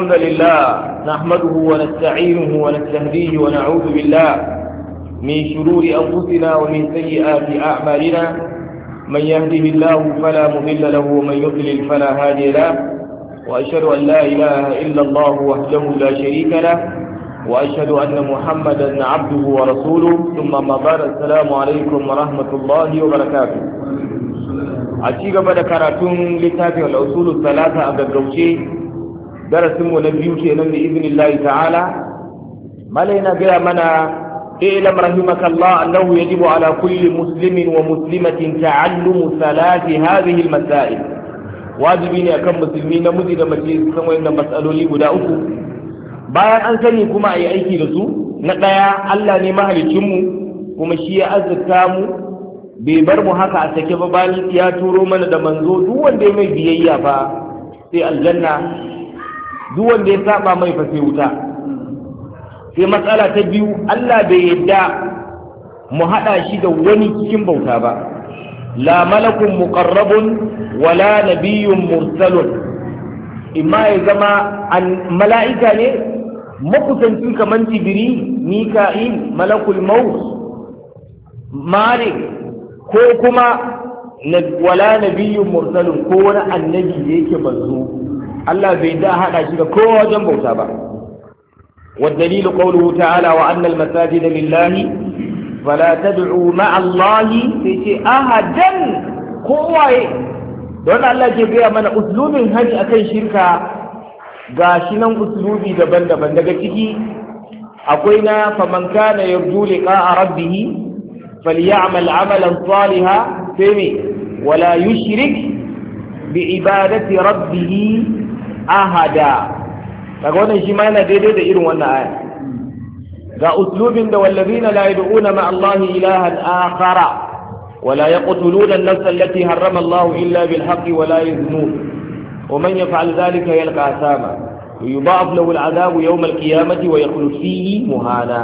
الحمد لله نحمده ونستعينه ونستهديه ونعوذ بالله من شرور أنفسنا ومن سيئات أعمالنا من يهده الله فلا مضل له ومن يضلل فلا هادي له وأشهد أن لا إله إلا الله وحده لا شريك له وأشهد أن محمدا عبده ورسوله ثم ما بعد السلام عليكم ورحمة الله وبركاته أشيغ بدكرة لتابع الأصول الثلاثة أبدا darasinmu na biyu kenan da izinin lahi ta'ala malai na gaya mana ilm rahimaka allah annahu yajibu ala kulli muslimin wa muslimatin ta'allumu salati hadhihi almasail wajibi ne akan musulmi na miji da mace su san mas'aloli guda uku bayan an sani kuma a yi aiki da su na ɗaya allah ne mahaliccinmu kuma shi ya azurta mu bai bar mu haka a sake ba bayan ya turo mana da manzo duk wanda ya mai biyayya fa sai aljanna duk wanda ya saba mai fa sai wuta sai matsala ta biyu Allah bai yadda mu hada shi da wani cikin bauta ba la malakun muqarrabun wala nabiyyun mursalun imma ya zama an mala'ika ne makusanci kamar jibiri mika'il malakul maut malik ko kuma wala nabiyyun mursalun ko wani annabi da yake manzo Allah bai da haɗa shi da kowa wajen bauta ba والدليل قوله تعالى وأن المساجد لله فلا تدعوا مع الله في أحدا قوة don Allah ke gaya mana uslubin hajji akan shirka ga nan uslubi daban-daban daga ciki akwai na faman a yarju liqa'a rabbih falyamal amalan salihan sai me wala yushrik bi ibadati rabbih ahada kaga wannan shi ma yana daidai da irin wannan aya ga uslubin da wallazina la yad'una ma Allah ilahan akhara ولا يقتلون النفس التي حرم الله إلا بالحق ولا يزنون ومن يفعل ذلك يلقى أثاما ويضاعف له العذاب يوم القيامة ويخلد فيه مهانا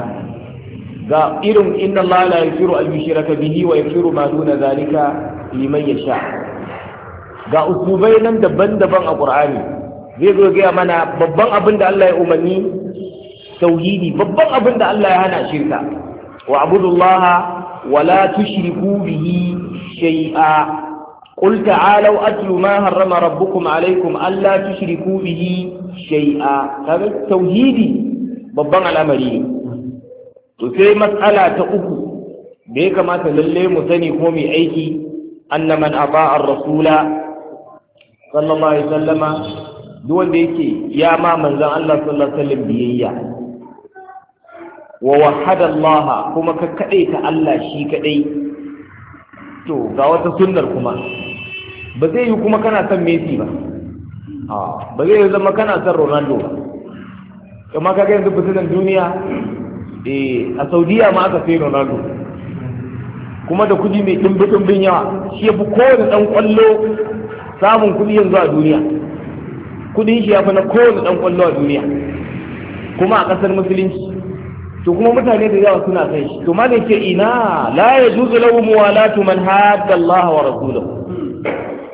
ga irin inna Allah la yaghfiru an yushraka bihi wa yaghfiru ma duna zalika liman sha. ga usubai nan daban-daban a ƙur'ani. zai zo gaya mana babban abin da Allah ya umarni tauhidi babban abin da Allah ya hana shirka wa abudullaha wa la tushriku bihi shay'a qul ta'alu atlu ma harrama rabbukum alaykum alla tushriku bihi shay'a kaga tauhidi babban al'amari ne to sai mas'ala ta uku da ya kamata lalle mu sani ko mai aiki Annaman man rasula sallallahu alaihi wasallama duk wanda yake ya ma manzan Allah sallallahu alaihi wasallam biyayya wa wahada Allah kuma ka kadai ta Allah shi kadai to ga wata sunnar kuma ba zai yi kuma kana son Messi ba ba zai zama kana son Ronaldo ba Kama kaga yanzu fitinan duniya eh a Saudiya ma aka sai Ronaldo kuma da kuɗi mai dimbin yawa shi ya fi kowane ɗan kwallo samun kuɗi yanzu a duniya kudin shi ya fi na kowane dan kwallo a duniya kuma a kasar musulunci to kuma mutane da yawa suna kai shi to malai ke, ina la yajuzu lahu muwalatu man hadda Allah wa rasulahu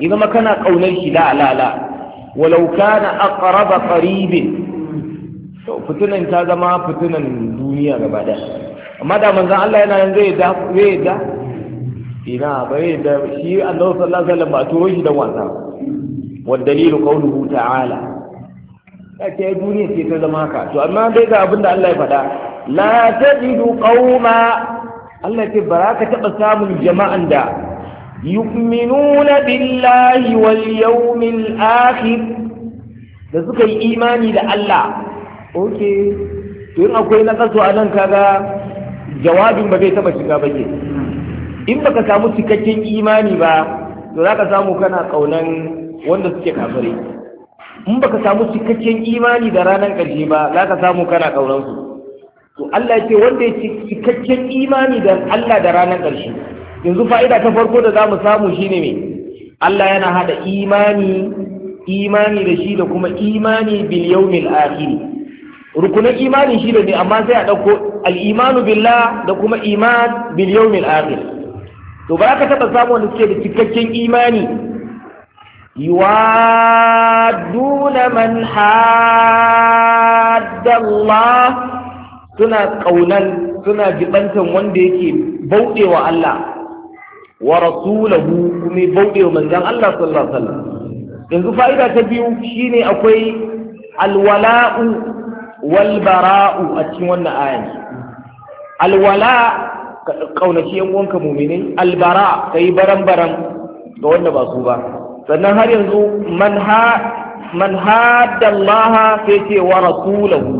idan ma kana kaunar shi la la la walau kana aqraba qaribin to fitunan ta zama fitunan duniya gaba daya amma da manzon Allah yana nan zai da zai da ina bai da shi Allah sallallahu alaihi wasallam ba turo shi da wasa والدليل قوله تعالى ake duniya ce ta zama haka to amma dai ga abin da Allah ya faɗa la tajidu qauma Allah ce ba ka taɓa samun jama'an da yu'minuna billahi wal yawmil akhir da suka yi imani da Allah okay to in akwai na kaso a nan kaga jawabin ba zai taɓa shiga ba in baka samu cikakken imani ba to za ka samu kana ƙaunan wanda suke kafirai in baka samu cikakken imani da ranar ƙarshe ba za ka samu kana su to Allah yake wanda ya cikakken imani da Allah da ranar ƙarshe yanzu fa'ida ta farko da zamu samu shine me Allah yana hada imani imani da shi da kuma imani bil yawmil akhir rukunan imani shi da ne amma sai a dauko al imanu billah da kuma iman bil yawmil akhir to ba ka taba samu wanda suke da cikakken imani yuwadduna man haddallah suna kaunan suna jibantan wanda yake bauɗewa Allah wa rasulahu kuma bauɗewa manzon Allah sallallahu yanzu fa'ida ta biyu shine akwai alwala'u wal bara'u a cikin wannan ayan alwala kaunaci yan uwanka mu'minin albara kai baran baran ga wanda ba su ba sannan har yanzu man haddallaha sai wa rasulahu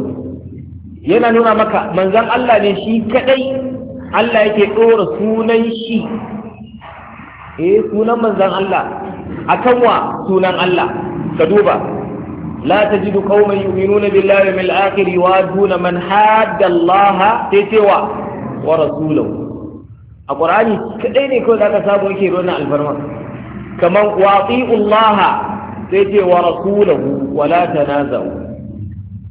yana nuna maka manzan Allah ne shi kaɗai? Allah yake ɗora sunan shi eh sunan manzan Allah akan wa sunan Allah ka duba la tajidu qauman yu'minuna billahi wal akhir yu'aduna man haddallaha sai ce wa wa rasulahu a ƙur'ani, kaɗai ne kawai zaka samu yake rona alfarma kaman waqi'ullaha sai ce wa rasulahu wa la tanaza'u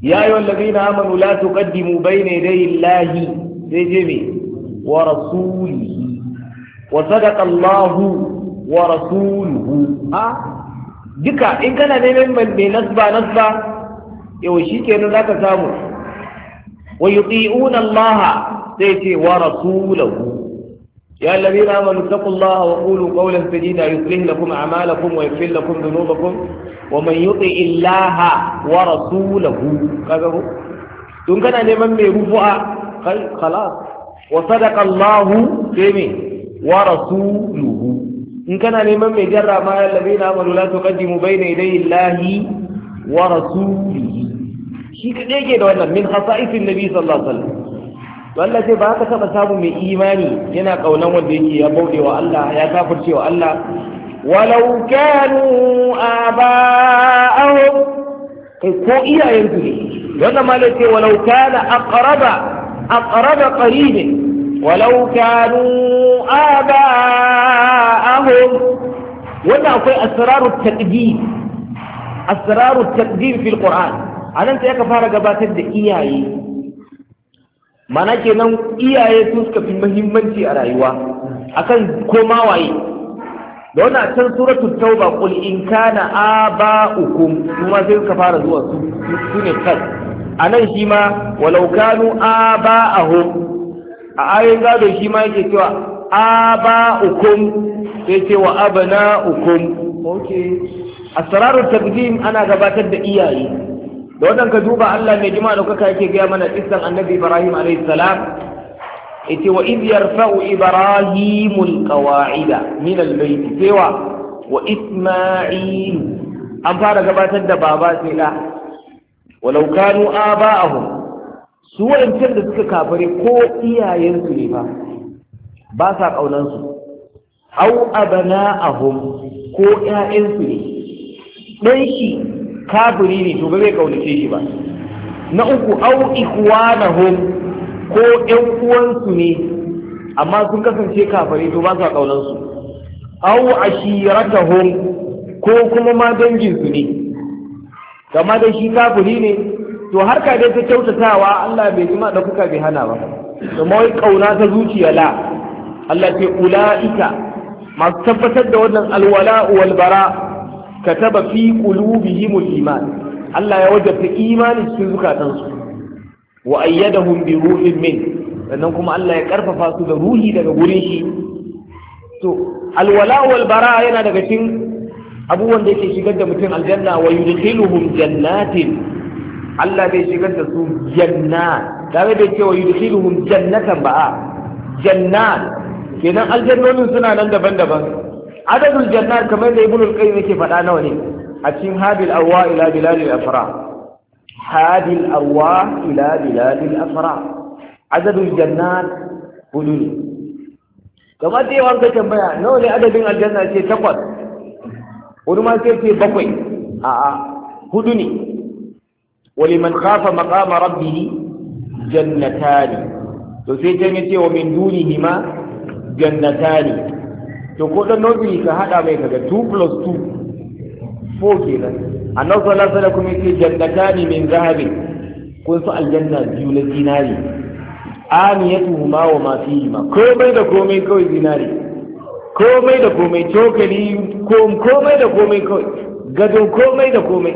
ya ayyuhal ladina amanu la tuqaddimu bayna dai llahi sai ce me wa rasulihi wa sadaqa allahu wa rasuluhu ha duka in kana neman mai nasba nasba yau shi kenan za ka samu wa yuti'una allaha sai ce wa rasulahu يا الذين آمنوا اتقوا الله وقولوا قولا سديدا يصلح لكم أعمالكم ويغفر لكم ذنوبكم ومن يطع الله ورسوله كذا دون كان neman mai rufu'a khalas wa sadaqa Allah kemi wa rasuluhu in kana neman mai jarra ma ya labi na amalu la tuqaddimu bayna yadayi Allahi wa rasulihi shi kadai ke da wannan min khasa'is Allah sai ba ka taba samu mai imani yana kaunan wanda yake ya bauɗe wa Allah ya kafirce wa Allah walau kanu aba'ahum ko iyayensu ne wannan ma ce walau kana aqraba aqraba qaribin ولو كانوا آباءهم وانا اكوي اسرار التقديم اسرار التقديم في القرآن انا ka fara gabatar da iyaye. mana kenan iyaye su suka fi muhimmanci a rayuwa akan koma waye da wani a can suratul tauba qul in kana aba'ukum kuma sai suka fara zuwa su su ne kai nan shi ma walau kanu aba'ahum a ayin gado shi ma yake cewa aba'ukum sai ce wa abna'ukum okay asrarul taqdim ana gabatar da iyaye da wannan ka duba Allah mai jima da kuka yake gaya mana kissan annabi Ibrahim alayhi salam yace wa idh yarfa'u Ibrahim alqawa'ida min albayt cewa wa Isma'il an fara gabatar da baba sai da walau kanu aba'ahum su wayancan da suka kafare ko iyayensu ne ba ba sa kaunansu au abana'ahum ko ƴaƴansu ne dan kafiri ne to ba zai kaunace shi ba na uku au ho ko ƴan uwansu ne amma sun kasance kafiri to ba sa kaunan su au ashiratahum ko kuma ma dangin su ne kamar da shi kafiri ne to harka dai ta kyautatawa Allah bai jima da kuka bai hana ba kuma wai kauna ta zuciya la Allah ce ula'ika masu tabbatar da wannan alwala wal bara kataba fi qulubihimul iman Allah ya wajabta imanin cikin zukatansu wa ayyadahum bi min sannan kuma Allah ya karfafa su da ruhi daga gurin shi to alwala bara yana daga cikin abubuwan da yake shigar da mutum aljanna wa yudkhiluhum jannatin Allah bai shigar da su janna da bai ce suna nan daban-daban adadul jannat kamar da ibnul qayyim yake faɗa nawa ne a cikin hadil arwa ila bilalil afra hadil arwa ila bilalil afra adadul jannat hudu ne kamar da yawan ka tambaya nawa ne adadin aljanna ce takwas wani ma sai ce bakwai a'a hudu ne man خاف مقام ربه jannatani. to sai can yace wa min dunihima jannatani to ko dan nobi ka hada mai kaga 2 plus 2 4 kenan annabi sallallahu alaihi wasallam yake jannatani min zahabi kun su aljanna biyu na zinari aniyatuhuma wa ma fihima komai da komai kawai zinari komai da komai cokali komai da komai kawai gado komai da komai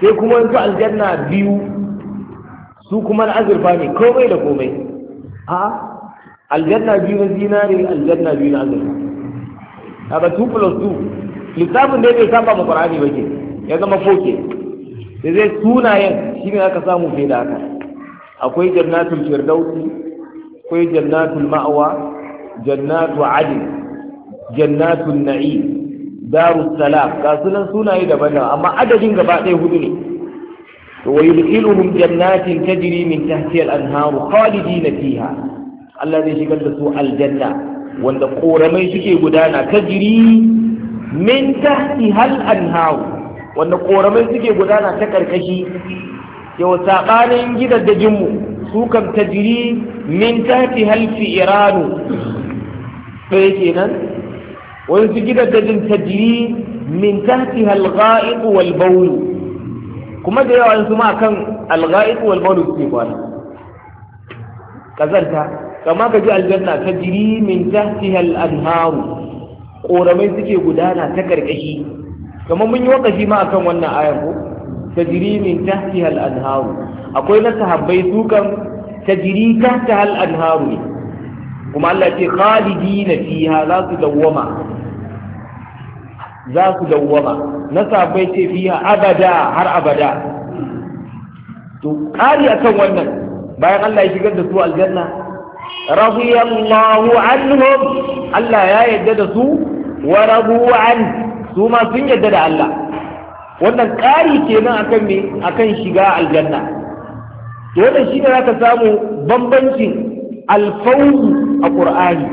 sai kuma su aljanna biyu su kuma na azurfa ne komai da komai a aljanna biyu na zinare aljanna biyu na azurfa kaga 2 plus 2 lissafin da bai saba mu qur'ani ba ke ya zama foke da zai sunayen ne aka samu fiye da haka akwai jannatul firdausi akwai jannatul ma'awa jannatu Adil, jannatul Na'i, darus salam ga sunan sunaye daban-daban amma adadin gaba ɗaya hudu ne ويدخلهم جنات تجري من تحتها الأنهار خالدين فيها Allah zai shigar da su aljanna wanda ƙoramai suke gudana ta jiri min tahti hal anharu wanda ƙoramai suke gudana ta karkashi yau saɓanin gidajenmu su kan ta jiri min tahti hal fi iranu ɗaya kenan wani su gidajen ta jiri min tahti hal ga'iku wal baulu kuma da yawa su ma kan al ga'iku wal baulu suke kwana kazanta kama ka ji aljanna ta jiri min tahtiha al-anharu koramai suke gudana ta karkashi kamar mun yi wakashi ma akan wannan ayan ko ta jiri min tahtiha al-anharu akwai na sahabbai su kan ta jiri tahtiha al-anharu ne kuma Allah ce khalidina fiha za su dawwama za su dawwama na sahabbai ce fiha abada har abada to kari akan wannan bayan Allah ya shigar da su aljanna رضي الله عنهم الله يا يدد سو ورضوا عنه su ma sun yadda da Allah wannan ƙari kenan akan me akan shiga aljanna to wannan shine zaka samu bambancin alfawzu a Qur'ani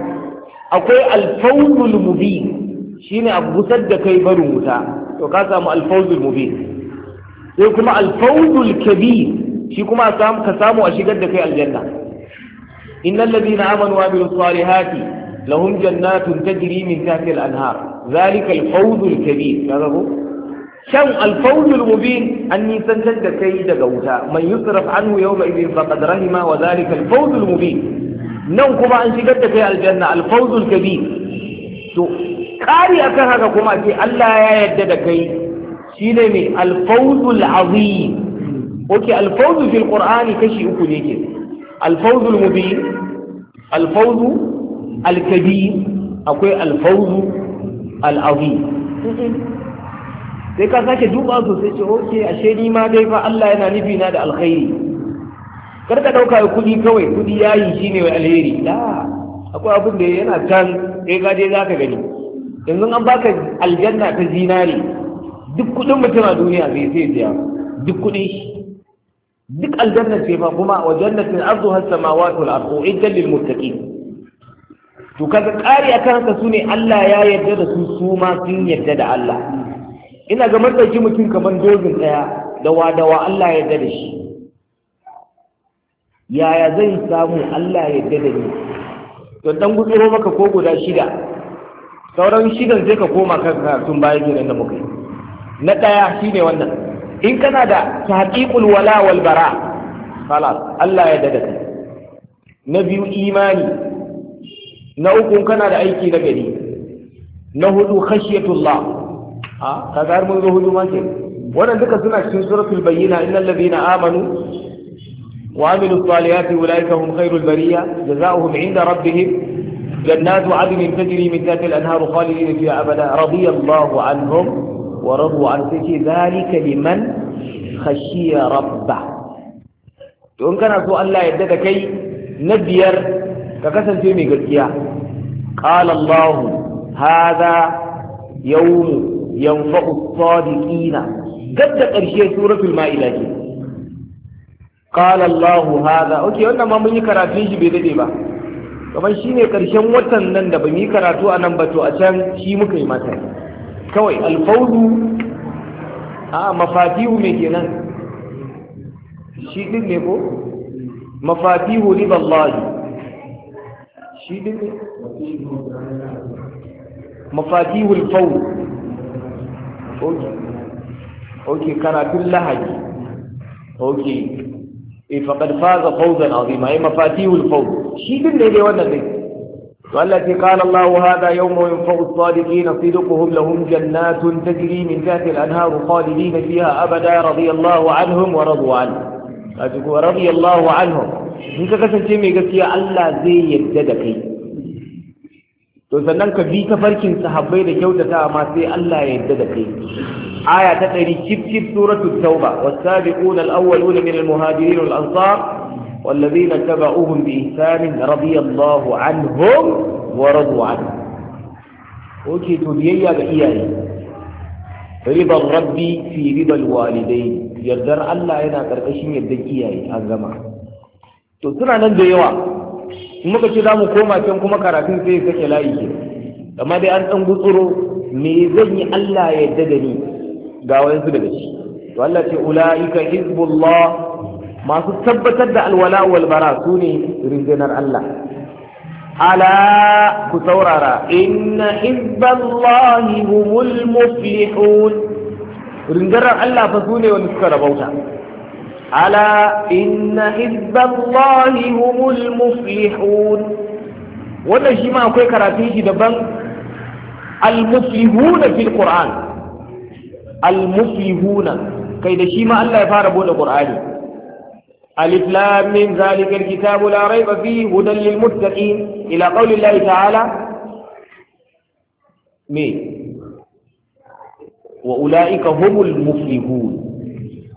akwai alfawzul mubin shine a busar da kai barin wuta to ka samu alfawzul mubin sai kuma alfawzul kabir shi kuma ka samu a shigar da kai aljanna إن الذين آمنوا وعملوا الصالحات لهم جنات تجري من تحت الأنهار ذلك الفوز الكبير هذا هو شو الفوز المبين أني سنجد كيد قوتا من يصرف عنه يومئذ فقد رحم وذلك الفوز المبين نو كما أن شكت في الجنة الفوز الكبير تو كاري أكهك كما في ألا يا يدد كي شينمي الفوز العظيم أوكي الفوز في القرآن كشي أكو alfawzul mubin alfawzu alkabir akwai alfawzu al'azim sai ka sake duba sosai ce ok ashe ni ma dai fa Allah yana nufi na da alkhairi kar ka dauka kudi kawai kudi yayi shine wai alheri da akwai abin da yana can sai ka je zaka gani yanzu an baka aljanna ta zinari duk kudin mutum a duniya zai sai duk kudin shi duk aljanna ce ma kuma wa jannatin arduha as-samawati wal ardu iddan lil muttaqin to kaga kari akan haka sune Allah ya yarda da su su ma sun yarda da Allah ina ga madauki mutum kaman dogin daya dawa dawa Allah ya yarda da shi yaya zan samu Allah ya yarda da ni to dan gutsuro maka ko guda shida sauran shidan zai ka koma kanka tun bayan gidan da muka yi na daya shine wannan in kana da tahqiqul wala wal bara khalas Allah ya daga kai na biyu imani na uku kana da aiki na gari na hudu khashiyatullah ha ah, ka ga mun zo hudu ma ke wannan duka suna cikin suratul bayyina innal ladina amanu wa amilu salihati ulaika hum khairul bariya jazaohum inda rabbihim جنات عدن تجري من تحت الانهار خالدين فيها ابدا رضي الله عنهم wa rabu an sai ce zalika liman khashiya rabba to in kana so Allah ya daga kai na biyar ka kasance mai gaskiya qala Allah hadha yawm yanfa'u as-sadiqina gadda karshe suratul ma'ida ce qala wannan yi shi bai dade ba kamar shine karshen watan nan da ba mu yi karatu a nan ba to a can shi muka yi mata kawai alfaudu a mafatihu mai kenan shi din ne ko mafatihu riballahi shi din ne mafatihu alfauzu okay okay karatun lahaji okay eh faqad faza fawzan azima eh mafatihu alfauzu shi din ne dai wannan ne والتي قال الله هذا يوم ينفع الصادقين صدقهم لهم جنات تجري من تحت الانهار خالدين فيها ابدا رضي الله عنهم ورضوا عنه رضي الله عنهم انت كسنتي مي غسيا الله زي يجدد كي to sannan ka bi ta farkin sahabbai da kyautata amma sai Allah ya yarda da kai aya ta 100 cip cip suratul tauba was sabiquna al awwaluna min al muhajirin ansar والذين تبعوهم بإحسان رضي الله عنهم ورضوا عنه وكي تبيي بإياه رضا الرب في رضا الوالدين يردر الله ينا كركشين يبدأ إياه أنزما to suna nan da yawa in muka ce za mu koma can kuma karatun sai ya sake layi ke amma dai an ɗan gutsuro me zan yi Allah ya yarda da ni ga wayansu daga shi to Allah ce ulaika hizbullah masu tabbatar da alwala wal bara su ne rindinar Allah ala ku saurara inna hizballahi humul muflihun rindinar Allah fa su ne wani suka rabauta ala inna hizballahi humul muflihun wannan shi ma akwai karatun shi daban al-muflihuna fil qur'an al-muflihuna kai da shi ma Allah ya fara bude qur'ani ألف لام من ذلك الكتاب لا ريب فيه هدى للمتقين إلى قول الله تعالى مين وأولئك هم المفلحون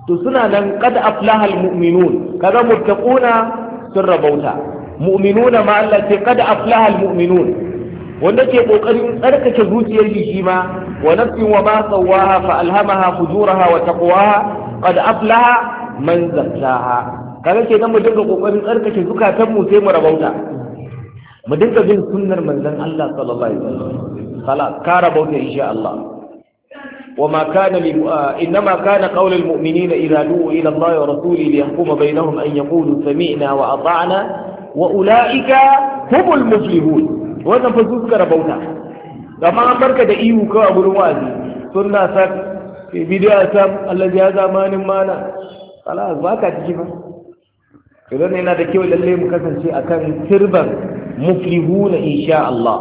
تسنى لن قد أفلح المؤمنون كذا متقون سر بوتا مؤمنون ما التي قد أفلح المؤمنون wanda ke kokarin tsarkake zuciyar ونفس وما صواها فألهمها فجورها وتقواها قد أفلح من زكاها kaga ke mu dinga kokarin tsarkake zukatan mu sai mu rabauta mu dinga bin sunnar manzon Allah sallallahu alaihi wasallam kala ka rabauta insha Allah وما كان إنما كان قول المؤمنين إذا دعوا إلى الله ورسوله ليحكم بينهم أن يقولوا سمعنا وأطعنا وأولئك هم المفلحون وأنا فزوز كربوتا لما أمرك دعيه كأبو الوازي سنة سك بداية الذي هذا ما نمانا خلاص ما كاتجي idan yana da kyau lalle mu kasance a akan turban muflihuna insha Allah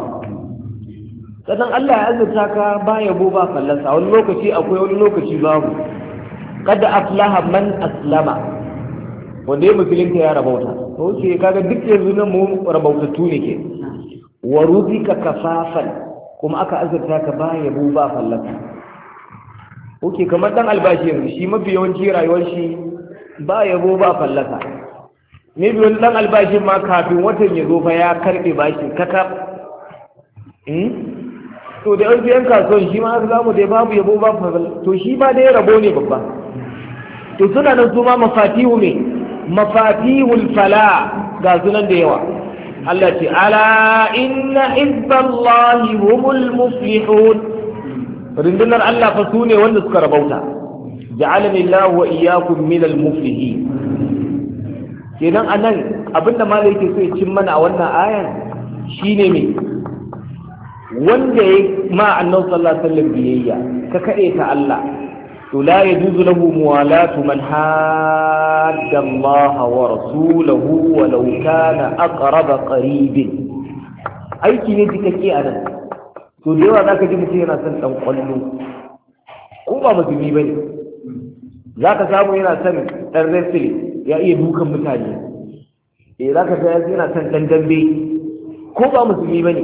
sannan Allah ya azurta ka ba yabo ba fallasa wani lokaci akwai wani lokaci babu kada aflaha man aslama wanda ya musulunta ya rabauta to ce kaga duk yanzu nan mu rabautattu ne ke wa ruzika kafafan kuma aka azurta ka ba yabo ba fallasa Oke kamar dan albashi yanzu shi mafi yawanci rayuwar shi ba yabo ba fallasa ne biyu dan albashin ma kafin watan ya zo fa ya karbe bashin kakaf hmm? to da yanzu yan kasuwan shi ma haka zamu dai babu yabo ba fazal to shi ma dai rabo ne babba to suna nan su ma mafatihu ne mafatihul fala ga sunan da yawa Allah ce ala inna hizballahi humul muflihun Rindunar Allah fa sune wanda suka rabauta ja'alani Allah wa iyyakum minal muflihin kenan a nan abinda malai ke so ya cin mana a wannan ayan shine ne wanda ya ma annabi sallah alaihi biyayya ka kaɗe ta Allah to la yajuzu lahu muwalatu man hadda Allah wa rasulahu wa law kana aqrab qarib aiki ne ke a nan to da yawa zaka ji mutum yana son dan kwallo ko ba mutumi bane zaka samu yana son dan wrestling ya iya dukan mutane eh za ka ga yana son ɗan dambe ko ba musulmi ba ne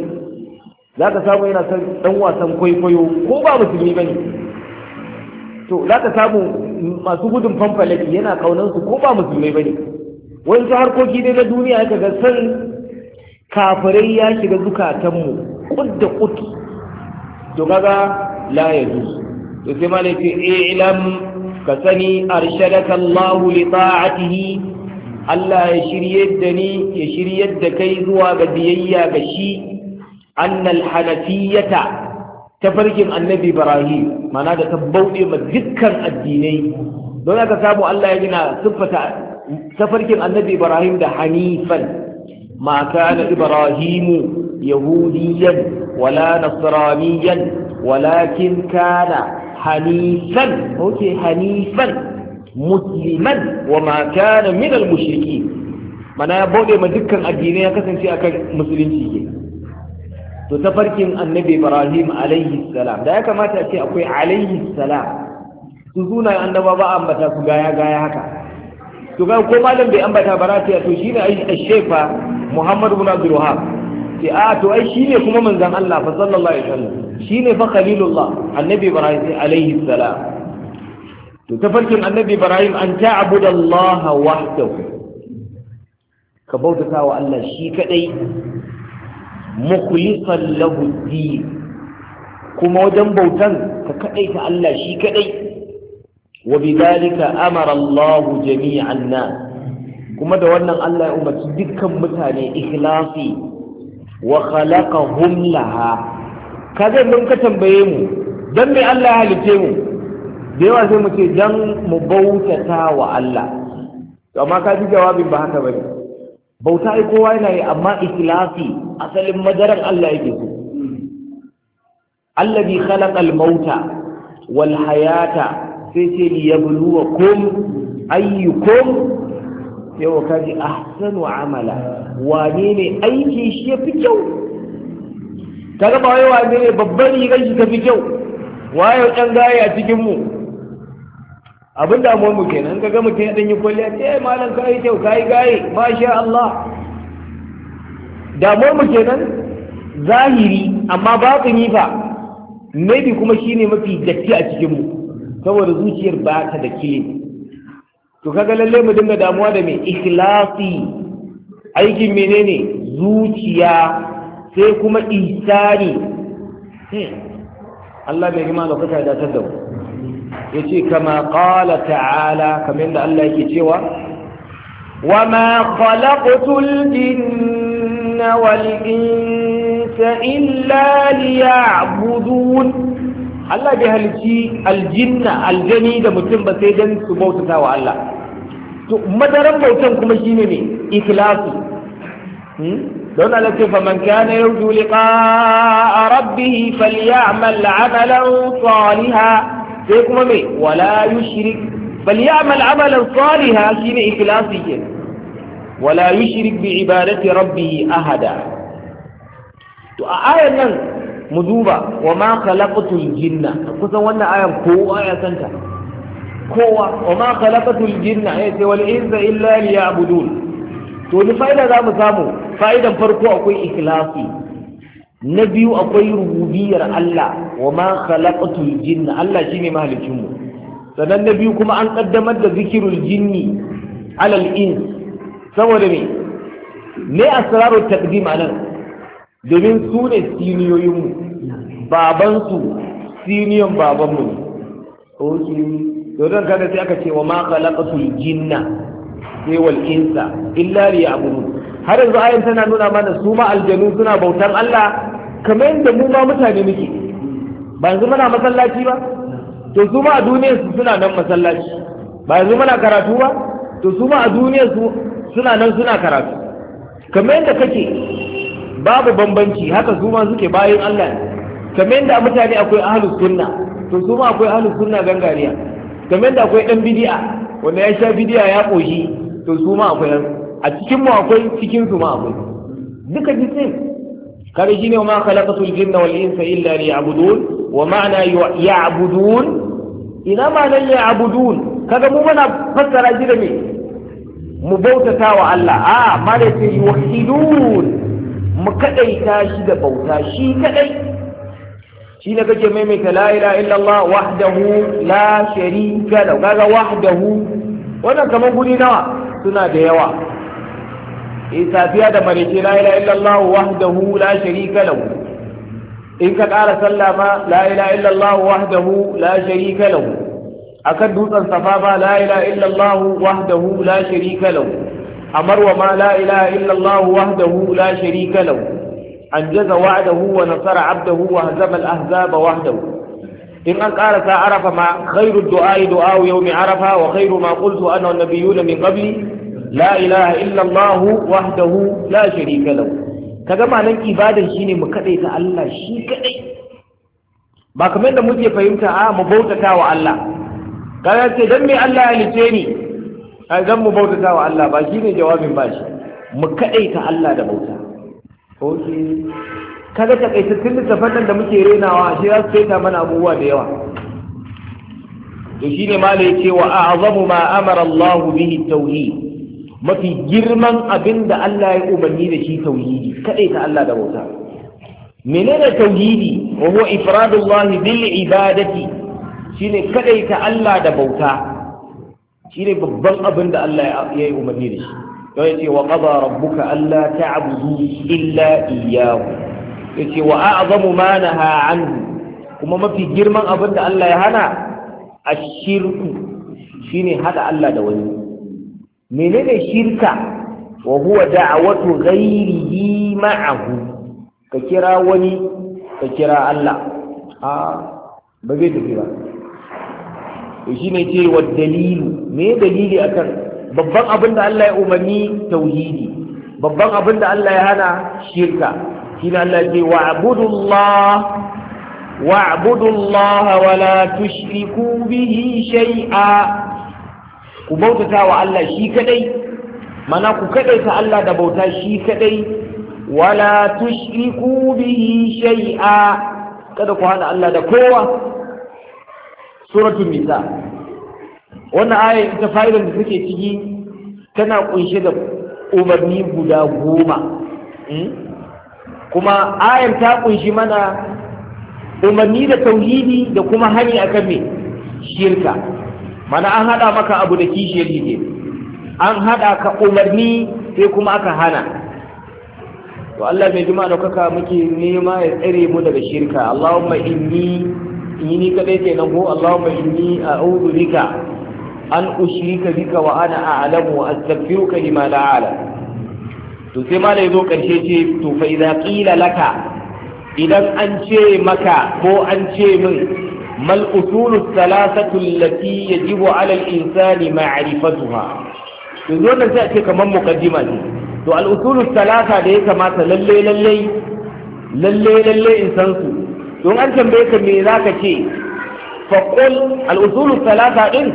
za ka samu yana son ɗan wasan kwaikwayo ko ba musulmi ba ne to za ka samu masu gudun fanfalaki yana ƙaunansu ko ba musulmi ba ne wani harkoki dai na duniya ya ga son kafirai ya shiga zukatanmu ƙud da ƙud. to kaga la ya zu to sai ma ne ce eh, ilam ka sani arshadaka Allahu li ta'atihi Allah ya shiryar da ni ya shiryar da kai zuwa ga biyayya ga shi annal hanafiyata ta farkin annabi Ibrahim mana da ta bauɗe ma dukkan addinai don haka samu Allah ya gina siffata tafarkin annabi Ibrahim da hanifan ma kana Ibrahimu yahudiyan wala nasraniyan walakin kana hanifan okay hanifan musliman wa ma kana min al-mushriki mana ya bude ma dukkan addinai ya kasance akan musulunci ke to tafarkin annabi ibrahim alaihi salam da ya kamata ce akwai alaihi salam su suna annaba ba ambata su gaya gaya haka to ga ko malam bai ambata ba rafiya to shine ai shefa muhammad ibn abdul wahhab ce a ah, to ai shi ne kuma manzan Allah fa sallallahu alaihi wasallam shi ne fa khalilullah annabi ibrahim alaihi salam to tafarkin annabi ibrahim an ta'budallaha wahdahu ka bauta wa Allah shi kadai mukhlisan lahu din kuma wajen bautan ka kadai ta Allah shi kadai wa bidalika amara Allah jami'an nas kuma da wannan Allah ya umarci dukkan mutane ikhlasi wa khalaqahum laha kaga idan ka tambaye mu dan me Allah ya halice mu da yawa sai mu ce dan mu bautata wa Allah to amma ka ji jawabin ba haka bane bauta ai kowa yana yi amma ikhlasi asalin madaran Allah yake so alladhi khalaqa al-mauta wal hayata sai ce liyabluwakum ayyukum yau ka ji wa amala wane ne aiki shi ya fi kyau ka ga ba wai wane ne babban rigar shi ta fi kyau waye dan gaya cikin mu abin da mu kenan ka ga mutum ya dan yi kwalliya ce eh, malam ka yi kyau ka yi gaye masha Allah damuwar mu kenan zahiri amma ba batini fa maybe kuma shine mafi datti a cikin mu saboda zuciyar ba ta da kilin to kaga lalle mu dinga damuwa da mai ikhlasi aikin menene zuciya sai kuma isani hmm. Allah bai gima lokacin da da mu yace kama qala ta'ala kamar da Allah yake cewa wa ma khalaqtul jinna wal insa illa liya'budun Allah bai halici aljinna aljani da mutum ba sai dan su bautata wa Allah to madaran bautan kuma shine ne ikhlasi hmm? don Allah ce fa man kana yarju liqa'a rabbih falyamal 'amalan salihan sai kuma me wala yushrik falyamal 'amalan salihan shine ikhlasi ke wala yushrik bi ibadati rabbih ahada to a ayan nan mu duba wa ma khalaqatul jinna kusan wannan ayan kowa ya santa kowa wa ma khalaqatul jinna ya ce wal insa illa liya'budun to ni fa'ida za mu samu fa'idan farko akwai ikhlasi na biyu akwai rububiyar Allah wa ma khalaqatul jinna Allah shine mahalicin mu sannan na biyu kuma an kaddamar da zikirul jinni alal ins saboda me me asrarut taqdim anan domin su ne siniyoyinmu babansu siniyan babanmu ne ok yaudan kada sai aka ce wa ma khalaqatul jinna sai wal insa illa liya'budun har yanzu ayan tana nuna mana su ma aljanu suna bautan Allah kamar yadda mu ma mutane muke ba yanzu muna masallaci ba to su ma a duniya su suna nan masallaci ba yanzu muna karatu ba to su ma a duniya su suna nan suna karatu kamar yadda kake babu bambanci haka su ma suke bayan Allah ne kamar da mutane akwai ahlus sunna to su ma akwai ahlus sunna gangariya kamar da akwai dan bid'a wanda ya sha bid'a ya koshi to su ma akwai a cikin mu akwai cikin su ma akwai duka jisin kare shi ne ma khalaqatul jinna wal insa illa liya'budun wa ma'ana ya'budun ina ma ma'ana ya'budun kaga mu muna fassara shi da me mu bautata wa Allah a ma da ce yuwahidun mu kadaita shi da bauta shi kadai shi ne kake maimaita la ilaha illallah wahdahu la sharika lahu kaga wahdahu wannan kamar guri nawa suna da yawa eh safiya da marece la ilaha illallah wahdahu la sharika lahu in ka ƙara sallah ma la ilaha illallah wahdahu la sharika lahu akan dutsen safa ba la ilaha illallah wahdahu la sharika lahu أمر وما لا إله إلا الله وحده لا شريك له أنجز وعده ونصر عبده وهزم الأحزاب وحده إن أنقال عرف ما خير الدعاء دعاء يوم عرفة وخير ما قلت أنا والنبيون من قبلي لا إله إلا الله وحده لا شريك له كما نن إبادة شيني مكتئ الله شي كأي ba kamar da muke fahimta a mu bautata wa Allah kaga ce dan me Allah ya lice ni ai zan mu bautata wa Allah ba shine jawabin ba shi mu kadaita Allah da bauta okay kaga takaitattun littafan nan da muke renawa shi za su kai ta mana abubuwa da yawa to shine ma da yace wa a'zamu ma amara Allah bihi tauhid mafi girman abin da Allah ya umarni da shi tauhidi kadaita Allah da bauta menene tauhidi wa huwa ifradullahi bil ibadati shine kadaita Allah da bauta shi ne babban abin da Allah ya yi umarni da shi yau ya ce wa ƙaba rabbuka Allah ta abudu illa iyahu ya ce wa a'azamu ma na anhu kuma mafi girman abin da Allah ya hana a shirku shi ne haɗa Allah da wani menene shirka wa huwa da'awatu ghairihi ma'ahu ka kira wani ka kira Allah a ah, ba zai tafi ba to shine ce wa dalilu me dalili akan babban abin da Allah ya umarni tauhidi babban abin da Allah ya hana shirka shine Allah ya ce wa abudullah wa abudullah wa la tushriku bihi shay'a ku bautata wa Allah shi kadai mana ku kadaita Allah da bauta shi kadai wala tushriku bihi shay'a kada ku hana Allah da kowa suratul nisa wannan aya ita fa'idar da take ciki tana kunshe da umarni guda goma hmm? kuma ayar ta kunshi mana umarni da tauhidi da kuma hani akan me shirka mana an hada maka abu da kishiyar ne an hada ka umarni sai kuma aka hana to Allah mai jima'a da kaka muke nema ya tsare mu daga shirka Allahumma inni yi ni kadai nan ko Allahumma inni a'udhu bika an ushrika bika wa ana a'lamu wa astaghfiruka lima la a'lam to sai ma yazo karshe ce to fa idza qila laka idan an ce maka ko an ce min mal usulu thalathatu allati yajibu 'ala al-insani ma'rifatuha to zo nan sai ce kamar muqaddima ce to al usulu thalatha da ya kamata lalle lalle lalle lalle in san su don an tambaye ka me za ka ce faƙul al'usulu talata ɗin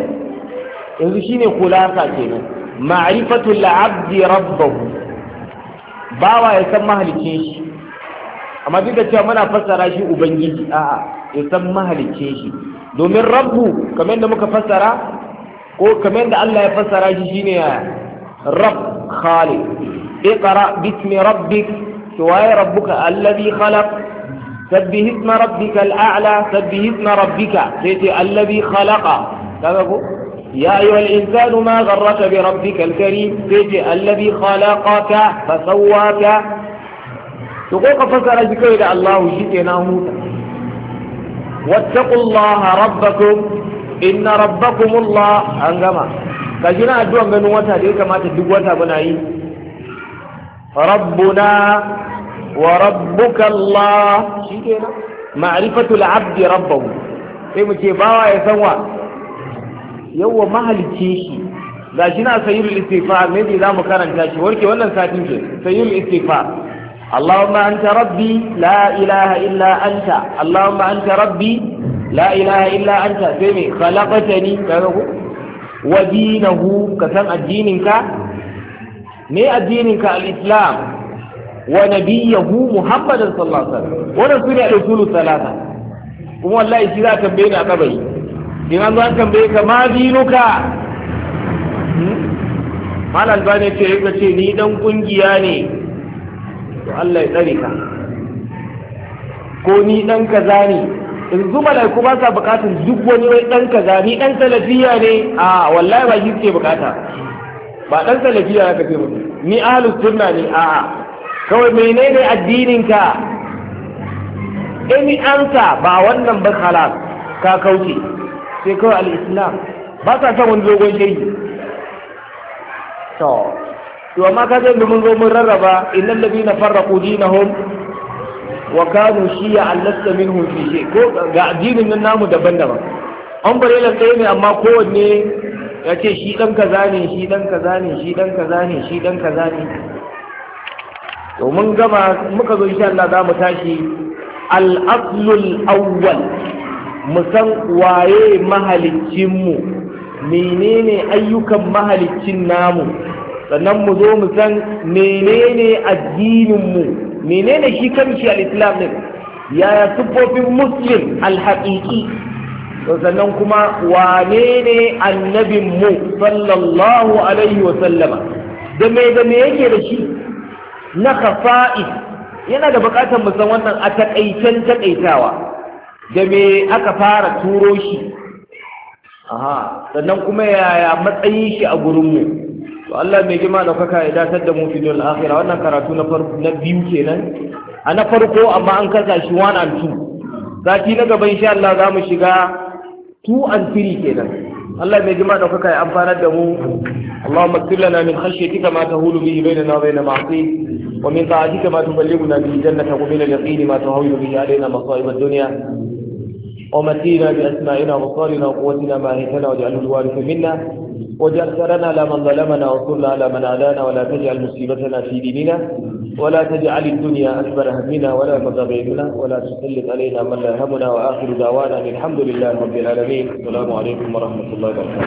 yanzu shine kulasa kenan ma'rifatul la'abdi rabbahu bawa ya san mahalicin shi amma duk da cewa muna fassara shi ubangiji a'a ya san mahalicin shi domin rabbu kamar da muka fassara ko kamar da Allah ya fassara shi shine ya? rabb khaliq iqra bismi rabbik to waye rabbuka allazi khalaq سبه اسم ربك الأعلى سبه اسم ربك الذي خلق سبب يا أيها الإنسان ما غرك بربك الكريم سيتي الذي خلقك فسواك تقول قفص على ذكر إلى الله جئنا موسى واتقوا الله ربكم إن ربكم الله أنجما كجنا أدوان بنواتها ديك ما تدقوا ربنا wa rabbuka Allah shikenan ma'rifatul sai mu ce bawa ya san wa yawa mahalicci shi shi na sayyidul istighfar ne za zamu karanta shi warke wannan satin ke sayyidul istighfar اللهم أنت ربي لا إله إلا أنت اللهم أنت ربي لا إله إلا أنت سمي خلقتني ودينه كسم الدين كا ما Al-Islam? wa nabiyahu muhammadan sallallahu alaihi wasallam wannan sune al salasa kuma wallahi shi za tambaye ni a kabari in an zo an tambaye ka ma dinuka hmm? mal albani ce ya ce ni dan kungiya ne to Allah ya tsare ka ko ni dan kaza ne In yanzu malaiku ba sa bukatar duk wani wai dan kaza ni dan salafiya ne a wallahi ba shi ke bukata ba dan salafiya ka ce ni ahlus sunna ne a'a kawai menene addininka any ansa ba wannan ba halal ka kauce sai kawai Al'islam ba sa son wani dogon shirki to to amma ka zai mun zo mun rarraba innal ladina farraqu dinahum wa kanu shi'a lasta minhum fi shay ko ga addinin nan namu daban-daban an bare lan tsaye ne amma kowanne ya ce shi dan kaza ne shi dan kaza ne shi dan kaza ne shi dan kaza ne to mun gama muka zo insha Allah za mu tashi al-aslul awwal mu san waye mahalicin mu menene ayyukan mahalicin namu sannan mu zo mu san menene addinin mu menene shi kanshi al-islam ne? yaya siffofin muslim al-haqiqi sannan kuma wane ne annabin mu sallallahu alaihi wa sallama da me da me yake da shi na kafa'i yana da bukatar mu san wannan a takaicen takaitawa da me aka fara turo shi aha sannan kuma yaya matsayin shi a gurin mu to Allah mai jima da kaka ya datar da mu fi dole akhira wannan karatu na farko na biyu kenan a na farko amma an kasa shi 1 and 2 sati na gaba insha Allah za mu shiga 2 and 3 kenan Allah mai jima kaka ya amfanar da mu Allahumma sir min khashyatika ma tahulu bihi bainana wa bain ma'asi ومن بعدك ما تبلغنا به الجنة ومن اليقين ما تهون به علينا مصائب الدنيا ومتينا بأسمائنا وابصارنا وقوتنا ما هيتنا وجعله الوارث منا واجعل لمن على من ظلمنا وصلنا على من عادانا ولا تجعل مصيبتنا في ديننا ولا تجعل الدنيا أكبر همنا ولا متغيرنا ولا تسلط علينا من لا همنا وآخر دعوانا الحمد لله رب العالمين السلام عليكم ورحمة الله وبركاته